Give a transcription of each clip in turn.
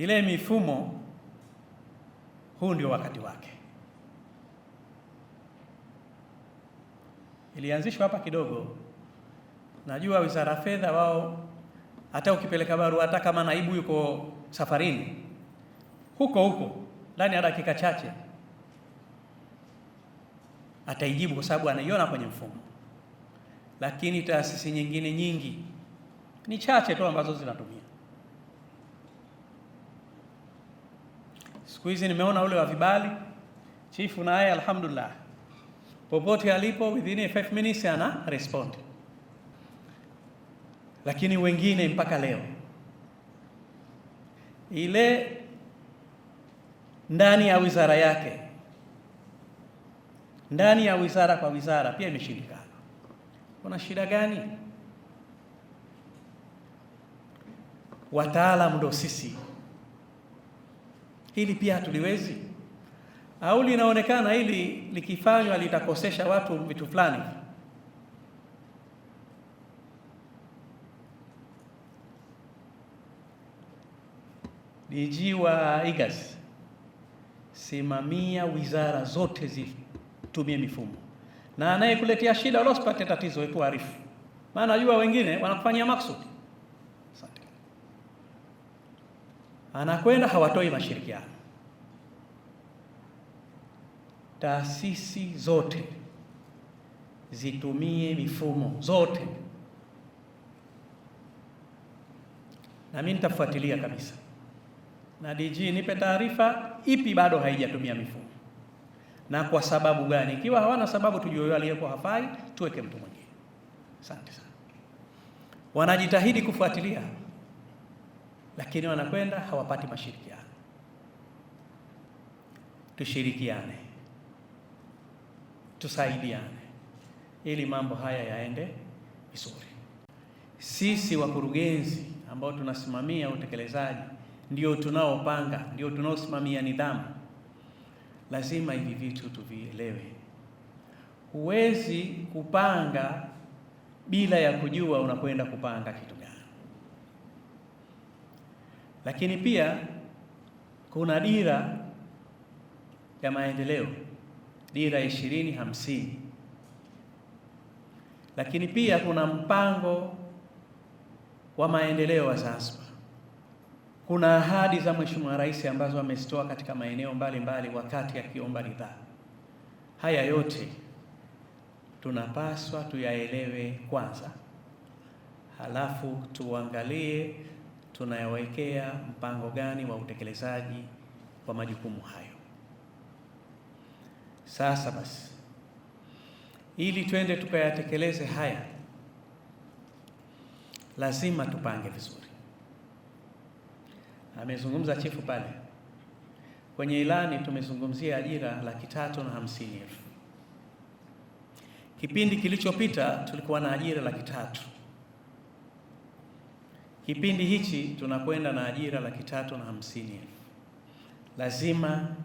ile mifumo, huu ndio wakati wake. Ilianzishwa hapa kidogo, najua wizara fedha wao, hata ukipeleka barua, hata kama naibu yuko safarini huko huko, ndani ya dakika chache ataijibu kwa sababu anaiona kwenye mfumo. Lakini taasisi nyingine nyingi ni chache tu ambazo zinatumia Siku hizi nimeona ule wa vibali chifu, naye alhamdulillah, popote alipo within 5 minutes ana respond, lakini wengine mpaka leo ile ndani ya wizara yake ndani ya wizara kwa wizara pia imeshindikana. Kuna shida gani? Wataalamu ndo sisi. Hili pia hatuliwezi au linaonekana hili likifanywa litakosesha watu vitu fulani. DG wa IGAS, simamia wizara zote zitumie mifumo, na anayekuletea shida usipate tatizo ikuarifu, maana jua wengine wanakufanyia maksudi anakwenda hawatoi mashirikiano. Taasisi zote zitumie mifumo zote, na mimi nitafuatilia kabisa, na DG nipe taarifa ipi bado haijatumia mifumo na kwa sababu gani. Ikiwa hawana sababu, tujue aliyekuwa hafai, tuweke mtu mwingine. Asante sana, wanajitahidi kufuatilia lakini wanakwenda hawapati mashirikiano. Tushirikiane, tusaidiane ili mambo haya yaende vizuri. Sisi wakurugenzi ambao tunasimamia utekelezaji ndio tunaopanga, ndio tunaosimamia nidhamu, lazima hivi vitu tuvielewe. Huwezi kupanga bila ya kujua unakwenda kupanga kitu gani. Lakini pia kuna dira ya maendeleo, dira ishirini hamsini. Lakini pia kuna mpango wa maendeleo wa Zanzibar. Kuna ahadi za Mheshimiwa Rais ambazo amezitoa katika maeneo mbalimbali wakati akiomba ridhaa. Haya yote tunapaswa tuyaelewe kwanza, halafu tuangalie tunayawekea mpango gani wa utekelezaji wa majukumu hayo. Sasa basi, ili twende tukayatekeleze haya, lazima tupange vizuri. Amezungumza chifu pale kwenye ilani, tumezungumzia ajira laki tatu na hamsini elfu. Kipindi kilichopita tulikuwa na ajira laki tatu Kipindi hichi tunakwenda na ajira laki tatu na hamsini elfu. Lazima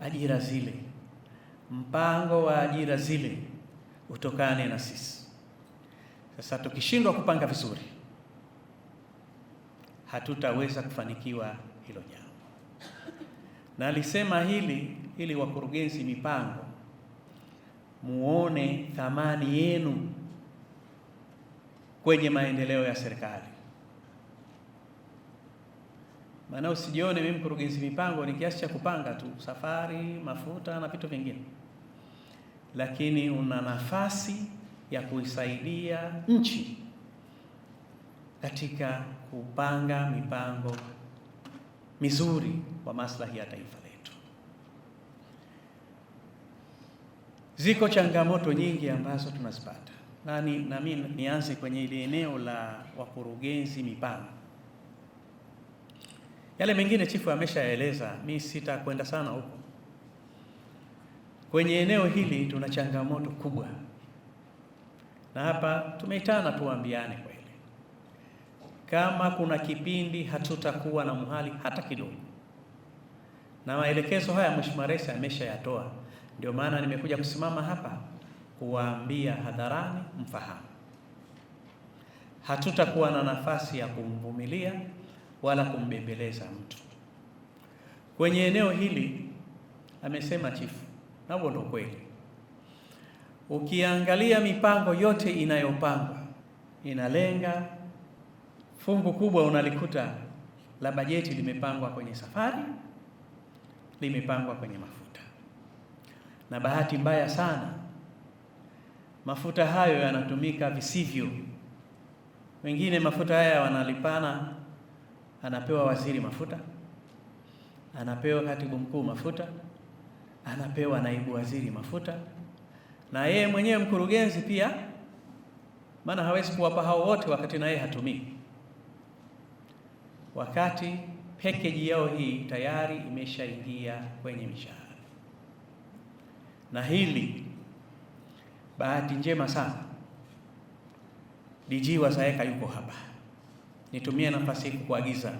ajira zile, mpango wa ajira zile utokane na sisi. Sasa tukishindwa kupanga vizuri, hatutaweza kufanikiwa hilo jambo. Na alisema hili ili wakurugenzi mipango muone thamani yenu kwenye maendeleo ya serikali maana usijione mimi mkurugenzi mipango ni kiasi cha kupanga tu safari, mafuta na vitu vingine, lakini una nafasi ya kuisaidia nchi katika kupanga mipango mizuri kwa maslahi ya taifa letu. Ziko changamoto nyingi ambazo tunazipata na nami nianze kwenye ile eneo la wakurugenzi mipango. Yale mengine chifu ameshaeleza, mi sitakwenda sana huko. Kwenye eneo hili tuna changamoto kubwa, na hapa tumeitana tuambiane kweli, kama kuna kipindi hatutakuwa na muhali hata kidogo, na maelekezo haya Mheshimiwa Rais ameshayatoa. Ndio maana nimekuja kusimama hapa kuwaambia hadharani, mfahamu hatutakuwa na nafasi ya kumvumilia wala kumbembeleza mtu. Kwenye eneo hili amesema chifu, na ndio kweli. Ukiangalia mipango yote inayopangwa inalenga fungu kubwa, unalikuta la bajeti limepangwa kwenye safari, limepangwa kwenye mafuta, na bahati mbaya sana mafuta hayo yanatumika visivyo. Wengine mafuta haya wanalipana anapewa waziri mafuta, anapewa katibu mkuu mafuta, anapewa naibu waziri mafuta, na yeye mwenyewe mkurugenzi pia, maana hawezi kuwapa hao wote wakati na yeye hatumii, wakati package yao hii tayari imeshaingia kwenye mishahara. Na hili bahati njema sana, DG wa Zaeka yuko hapa nitumie nafasi hii kukuagiza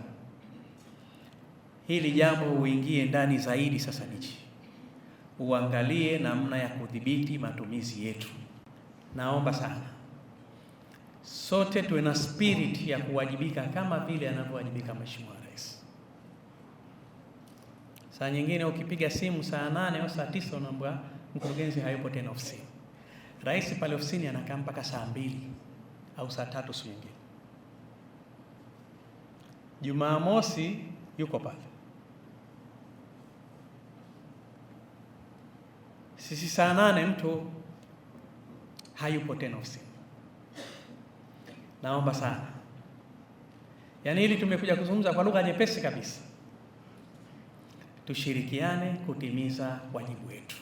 hili jambo uingie ndani zaidi. Sasa nichi uangalie namna ya kudhibiti matumizi yetu. Naomba sana sote tuwe na spirit ya kuwajibika kama vile anavyowajibika Mheshimiwa Rais. Saa nyingine ukipiga simu saa nane au saa tisa unaambiwa mkurugenzi hayupo tena ofisini. Rais pale ofisini anakaa mpaka saa mbili au saa tatu siku nyingine Jumamosi yuko pale. Sisi saa nane mtu hayupo tena ofisini. Naomba sana, yaani hili tumekuja kuzungumza kwa lugha nyepesi kabisa, tushirikiane kutimiza wajibu wetu.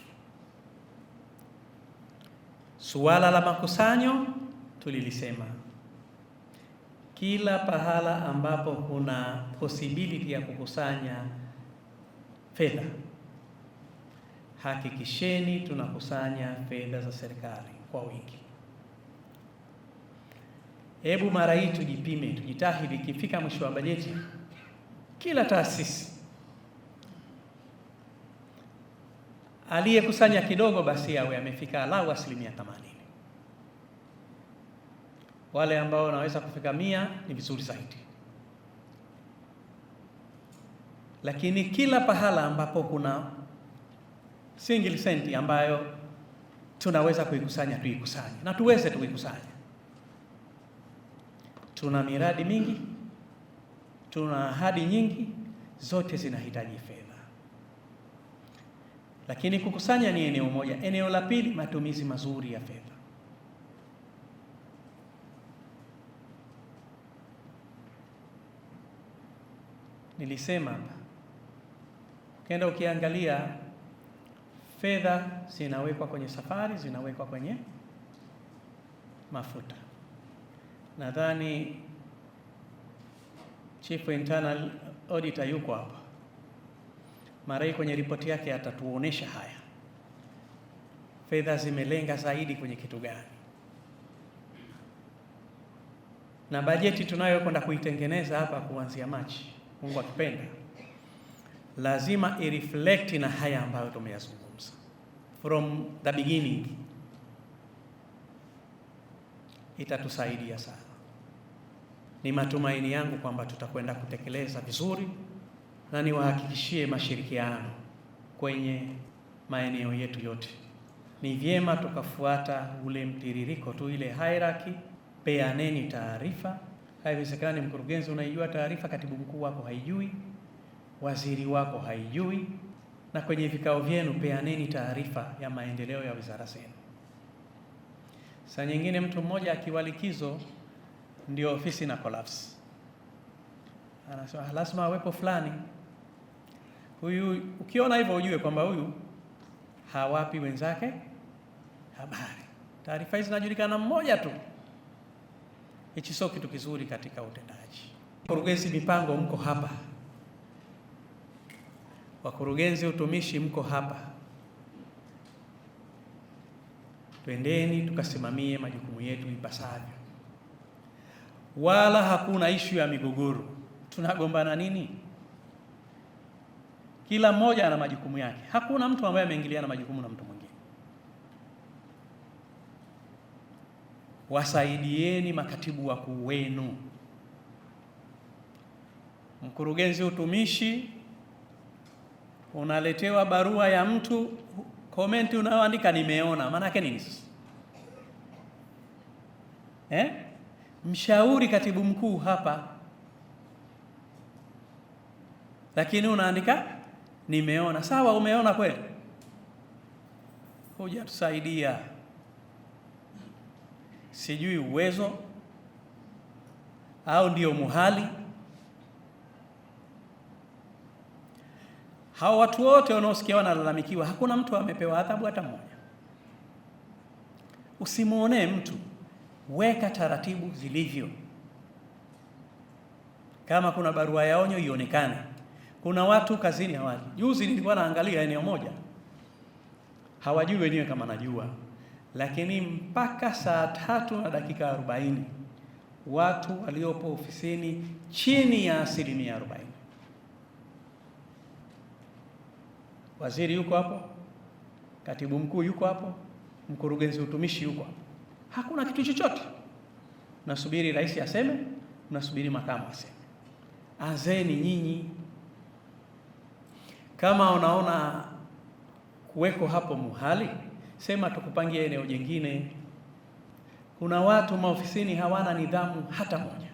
Suala la makusanyo tulilisema kila pahala ambapo kuna possibility ya kukusanya fedha, hakikisheni tunakusanya fedha za serikali kwa wingi. Hebu mara hii tujipime, tujitahidi, ikifika mwisho wa bajeti, kila taasisi aliyekusanya kidogo, basi awe amefika lau asilimia themanini wale ambao wanaweza kufika mia ni vizuri zaidi, lakini kila pahala ambapo kuna single senti ambayo tunaweza kuikusanya tuikusanye, na tuweze tuikusanya. Tuna miradi mingi, tuna ahadi nyingi, zote zinahitaji fedha, lakini kukusanya ni eneo moja. Eneo la pili, matumizi mazuri ya fedha. nilisema ukienda ukiangalia fedha zinawekwa kwenye safari, zinawekwa kwenye mafuta. Nadhani chief internal auditor yuko hapa, mara hii kwenye ripoti yake atatuonesha haya fedha zimelenga zaidi kwenye kitu gani, na bajeti tunayokwenda kuitengeneza hapa kuanzia Machi Mungu akipenda, lazima ireflect na haya ambayo tumeyazungumza from the beginning, itatusaidia sana. Ni matumaini yangu kwamba tutakwenda kutekeleza vizuri, na niwahakikishie mashirikiano kwenye maeneo yetu yote. Ni vyema tukafuata ule mtiririko tu, ile hierarchy. Peaneni taarifa Haiwezekani mkurugenzi, unaijua taarifa, katibu mkuu wako haijui, waziri wako haijui. Na kwenye vikao vyenu peaneni taarifa ya maendeleo ya wizara zenu. Saa nyingine mtu mmoja akiwa likizo ndio ofisi na collapse, anasema lazima awepo fulani huyu. Ukiona hivyo ujue kwamba huyu hawapi wenzake habari. Taarifa hizi zinajulikana mmoja tu. Hichi sio kitu kizuri katika utendaji. Wakurugenzi mipango mko hapa, wakurugenzi utumishi mko hapa, twendeni tukasimamie majukumu yetu ipasavyo, wala hakuna ishu ya migogoro. Tunagombana nini? Kila mmoja ana majukumu yake, hakuna mtu ambaye ameingiliana majukumu na mtu mwingine. wasaidieni makatibu wakuu wenu, mkurugenzi utumishi unaletewa barua ya mtu, komenti unayoandika nimeona. Maana yake nini eh? Mshauri katibu mkuu hapa, lakini unaandika nimeona. Sawa, umeona kweli, hujatusaidia sijui uwezo au ndio muhali. Hao watu wote wanaosikia wanalalamikiwa, hakuna mtu amepewa adhabu hata mmoja. Usimwonee mtu, weka taratibu zilivyo. Kama kuna barua ya onyo ionekane. Kuna watu kazini hawaji. Juzi nilikuwa naangalia eneo moja, hawajui wenyewe kama najua lakini mpaka saa tatu na dakika arobaini watu waliopo ofisini chini ya asilimia arobaini. Waziri yuko hapo, katibu mkuu yuko hapo, mkurugenzi utumishi yuko hapo, hakuna kitu chochote. Nasubiri rais aseme, nasubiri makamu aseme. Azeni nyinyi, kama unaona kuweko hapo muhali sema tukupangie eneo jingine. Kuna watu maofisini hawana nidhamu hata moja,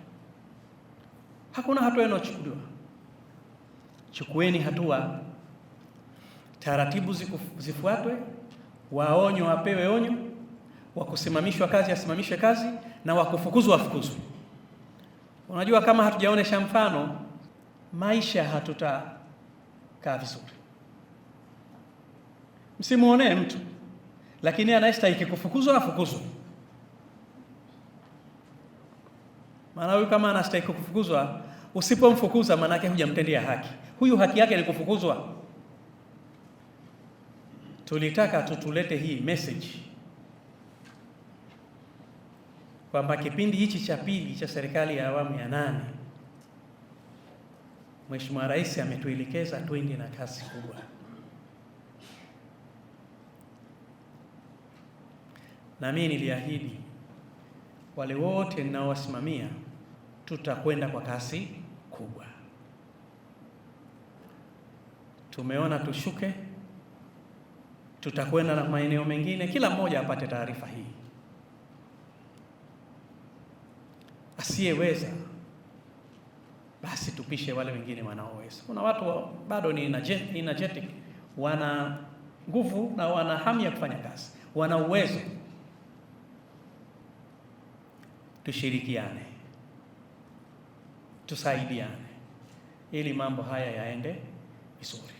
hakuna hatua inayochukuliwa. Chukueni hatua, taratibu zifuatwe, waonyo wapewe onyo, wakusimamishwa kazi asimamishwe kazi, na wakufukuzwa wafukuzwe. Unajua, kama hatujaonesha mfano, maisha hatutakaa vizuri. Msimuonee mtu lakini anayestahiki kufukuzwa afukuzwe. Maana huyu kama anastahiki kufukuzwa, usipomfukuza yake hujamtendea haki huyu. Haki yake ni kufukuzwa. Tulitaka tutulete hii message kwamba kipindi hichi cha pili cha serikali ya awamu ya nane Mheshimiwa Rais ametuelekeza twende na kasi kubwa. na mimi niliahidi wale wote ninaowasimamia tutakwenda kwa kasi kubwa. Tumeona tushuke, tutakwenda na maeneo mengine, kila mmoja apate taarifa hii. Asiyeweza basi tupishe wale wengine wanaoweza. Kuna watu bado ni energetic, wana nguvu na wana hamu ya kufanya kazi, wana uwezo tushirikiane, tusaidiane ili mambo haya yaende vizuri.